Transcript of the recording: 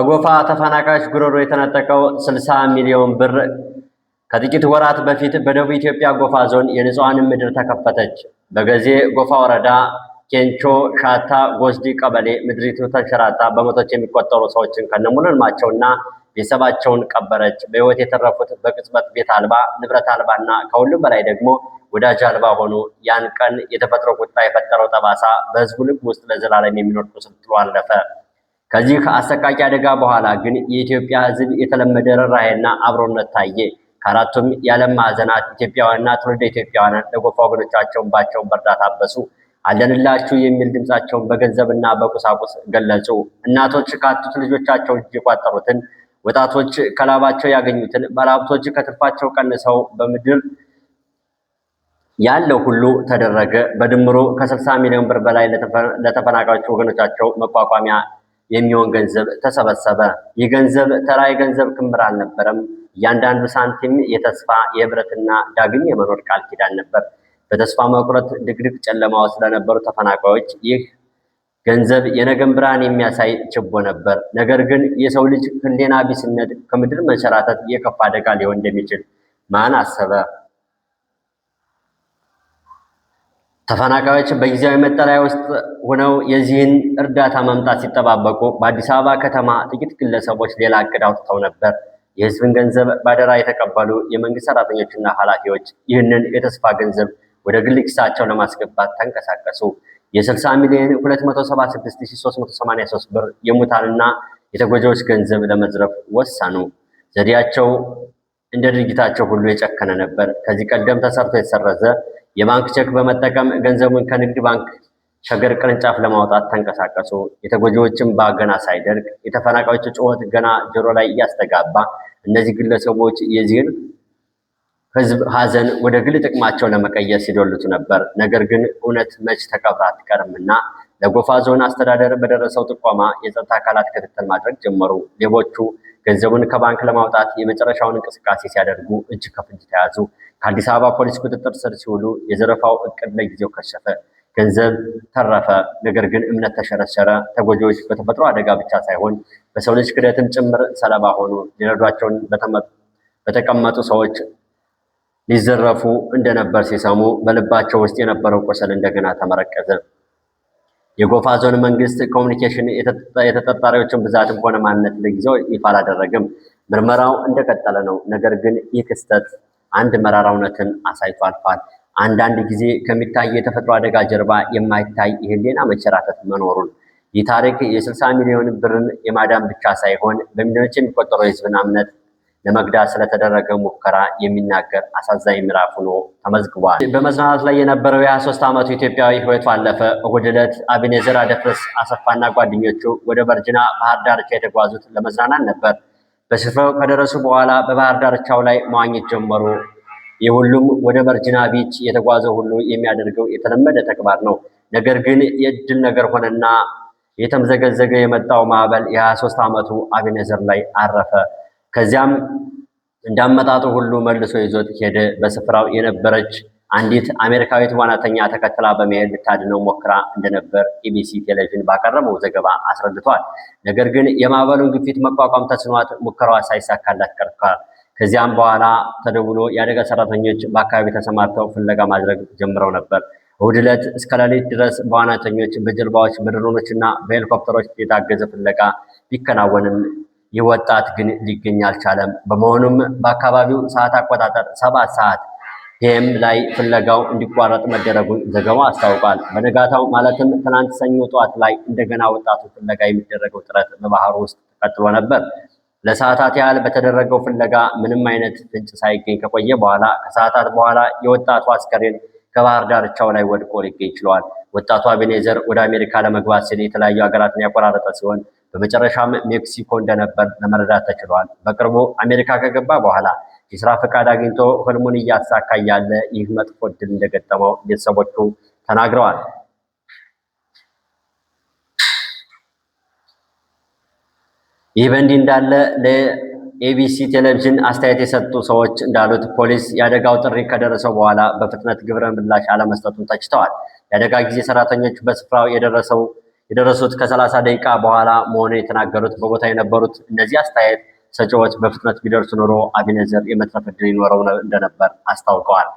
ከጎፋ ተፈናቃዮች ጉሮሮ የተነጠቀው 60 ሚሊዮን ብር ከጥቂት ወራት በፊት በደቡብ ኢትዮጵያ ጎፋ ዞን የንጹሃን ምድር ተከፈተች። በገዜ ጎፋ ወረዳ ኬንቾ ሻታ ጎስዲ ቀበሌ ምድሪቱ ተንሸራታ በመቶች የሚቆጠሩ ሰዎችን ከነሙሉ ቤተሰባቸውን ቀበረች። በህይወት የተረፉት በቅጽበት ቤት አልባ፣ ንብረት አልባና ከሁሉም በላይ ደግሞ ወዳጅ አልባ ሆኑ። ያን ቀን የተፈጥሮ ቁጣ የፈጠረው ጠባሳ በሕዝቡ ልብ ውስጥ ለዘላለም የሚኖር ቁስል ጥሎ አለፈ። ከዚህ አሰቃቂ አደጋ በኋላ ግን የኢትዮጵያ ሕዝብ የተለመደ ርኅራኄና አብሮነት ታየ። ከአራቱም የዓለም ማዕዘናት ኢትዮጵያውያንና ትውልደ ኢትዮጵያውያን ለጎፋ ወገኖቻቸው ባቸውን በእርዳታ አበሱ። አለንላችሁ የሚል ድምፃቸውን በገንዘብና በቁሳቁስ ገለጹ። እናቶች ካጡት ልጆቻቸው እጅ የቋጠሩትን፣ ወጣቶች ከላባቸው ያገኙትን፣ ባለሀብቶች ከትርፋቸው ቀንሰው በምድር ያለው ሁሉ ተደረገ። በድምሩ ከ60 ሚሊዮን ብር በላይ ለተፈናቃዮች ወገኖቻቸው መቋቋሚያ የሚሆን ገንዘብ ተሰበሰበ። ይህ ገንዘብ ተራ የገንዘብ ክምር አልነበረም። እያንዳንዱ ሳንቲም የተስፋ የህብረትና ዳግም የመኖር ቃል ኪዳን ነበር። በተስፋ መቁረጥ ድቅድቅ ጨለማ ውስጥ ለነበሩ ተፈናቃዮች ይህ ገንዘብ የነገን ብርሃን የሚያሳይ ችቦ ነበር። ነገር ግን የሰው ልጅ ሕሊና ቢስነት ከምድር መንሸራተት የከፋ አደጋ ሊሆን እንደሚችል ማን አሰበ? ተፈናቃዮች በጊዜያዊ መጠለያ ውስጥ ሆነው የዚህን እርዳታ መምጣት ሲጠባበቁ በአዲስ አበባ ከተማ ጥቂት ግለሰቦች ሌላ እቅድ አውጥተው ነበር። የህዝብን ገንዘብ ባደራ የተቀበሉ የመንግስት ሰራተኞችና ኃላፊዎች ይህንን የተስፋ ገንዘብ ወደ ግል ኪሳቸው ለማስገባት ተንቀሳቀሱ። የ60 ሚሊዮን 276383 ብር የሙታንና የተጎጂዎች ገንዘብ ለመዝረፍ ወሰኑ። ዘዴያቸው እንደ ድርጊታቸው ሁሉ የጨከነ ነበር። ከዚህ ቀደም ተሰርቶ የተሰረዘ የባንክ ቼክ በመጠቀም ገንዘቡን ከንግድ ባንክ ሸገር ቅርንጫፍ ለማውጣት ተንቀሳቀሱ። የተጎጂዎችን እንባ ገና ሳይደርቅ፣ የተፈናቃዮች ጩኸት ገና ጆሮ ላይ እያስተጋባ እነዚህ ግለሰቦች የዚህን ህዝብ ሀዘን ወደ ግል ጥቅማቸው ለመቀየር ሲዶልቱ ነበር። ነገር ግን እውነት መች ተቀብራ አትቀርምና ለጎፋ ዞን አስተዳደር በደረሰው ጥቆማ የጸጥታ አካላት ክትትል ማድረግ ጀመሩ። ሌቦቹ ገንዘቡን ከባንክ ለማውጣት የመጨረሻውን እንቅስቃሴ ሲያደርጉ እጅ ከፍንጅ ተያዙ። ከአዲስ አበባ ፖሊስ ቁጥጥር ስር ሲውሉ የዘረፋው እቅድ ለጊዜው ከሸፈ። ገንዘብ ተረፈ፣ ነገር ግን እምነት ተሸረሸረ። ተጎጂዎች በተፈጥሮ አደጋ ብቻ ሳይሆን በሰው ልጅ ክደትም ጭምር ሰለባ ሆኑ። ሊረዷቸውን በተቀመጡ ሰዎች ሊዘረፉ እንደነበር ሲሰሙ በልባቸው ውስጥ የነበረው ቁስል እንደገና ተመረቀዘ። የጎፋ ዞን መንግስት ኮሚኒኬሽን የተጠርጣሪዎችን ብዛትም ሆነ ማንነት ለጊዜው ይፋ አላደረግም። ምርመራው እንደቀጠለ ነው። ነገር ግን ይህ ክስተት አንድ መራራ እውነትን አሳይቶ አልፏል። አንዳንድ ጊዜ ከሚታይ የተፈጥሮ አደጋ ጀርባ የማይታይ የህሊና መቸራተት መኖሩን ይህ ታሪክ የ60 ሚሊዮን ብርን የማዳን ብቻ ሳይሆን በሚሊዮኖች የሚቆጠረው የህዝብን እምነት ለመግዳት ስለተደረገ ሙከራ የሚናገር አሳዛኝ ምዕራፍ ሆኖ ተመዝግቧል። በመዝናናት ላይ የነበረው የ23 ዓመቱ ኢትዮጵያዊ ህይወቱ አለፈ። እሁድ ዕለት አቤኔዘር አደፍርስ አሰፋና ጓደኞቹ ወደ ቨርጂና ባህር ዳርቻ የተጓዙት ለመዝናናት ነበር። በስፍራው ከደረሱ በኋላ በባህር ዳርቻው ላይ መዋኘት ጀመሩ። የሁሉም ወደ ቨርጂና ቢች የተጓዘው ሁሉ የሚያደርገው የተለመደ ተግባር ነው። ነገር ግን የእድል ነገር ሆነና የተምዘገዘገ የመጣው ማዕበል የ23 ዓመቱ አቤኔዘር ላይ አረፈ። ከዚያም እንዳመጣጡ ሁሉ መልሶ ይዞት ሄደ። በስፍራው የነበረች አንዲት አሜሪካዊት ዋናተኛ ተከትላ በመሄድ ልታድነው ሞክራ እንደነበር ኢቢሲ ቴሌቪዥን ባቀረበው ዘገባ አስረድቷል። ነገር ግን የማዕበሉን ግፊት መቋቋም ተስኗት ሙከራዋ ሳይሳካላት ቀርቷል። ከዚያም በኋላ ተደውሎ የአደጋ ሰራተኞች በአካባቢ ተሰማርተው ፍለጋ ማድረግ ጀምረው ነበር። እሑድ ዕለት እስከ ሌሊት ድረስ በዋናተኞች በጀልባዎች፣ በድሮኖች እና በሄሊኮፕተሮች የታገዘ ፍለጋ ቢከናወንም ይህ ወጣት ግን ሊገኝ አልቻለም። በመሆኑም በአካባቢው ሰዓት አቆጣጠር ሰባት ሰዓት ፒኤም ላይ ፍለጋው እንዲቋረጥ መደረጉን ዘገባው አስታውቋል። በነጋታው ማለትም ትናንት ሰኞ ጠዋት ላይ እንደገና ወጣቱ ፍለጋ የሚደረገው ጥረት በባህሩ ውስጥ ቀጥሎ ነበር። ለሰዓታት ያህል በተደረገው ፍለጋ ምንም አይነት ፍንጭ ሳይገኝ ከቆየ በኋላ ከሰዓታት በኋላ የወጣቱ አስከሬን ከባህር ዳርቻው ላይ ወድቆ ሊገኝ ችሏል። ወጣቱ አቤኔዘር ወደ አሜሪካ ለመግባት ሲል የተለያዩ ሀገራትን ያቆራረጠ ሲሆን በመጨረሻም ሜክሲኮ እንደነበር ለመረዳት ተችሏል። በቅርቡ አሜሪካ ከገባ በኋላ የስራ ፈቃድ አግኝቶ ህልሙን እያሳካ ያለ ይህ መጥፎ እድል እንደገጠመው ቤተሰቦቹ ተናግረዋል። ይህ በእንዲህ እንዳለ ለኤቢሲ ቴሌቪዥን አስተያየት የሰጡ ሰዎች እንዳሉት ፖሊስ የአደጋው ጥሪ ከደረሰው በኋላ በፍጥነት ግብረ ምላሽ አለመስጠቱን ተችተዋል። የአደጋ ጊዜ ሰራተኞች በስፍራው የደረሰው የደረሱት ከሰላሳ ደቂቃ በኋላ መሆኑን የተናገሩት በቦታ የነበሩት እነዚህ አስተያየት ሰጪዎች በፍጥነት ቢደርሱ ኖሮ አቢነዘር የመትረፍ ዕድል ይኖረው እንደነበር አስታውቀዋል።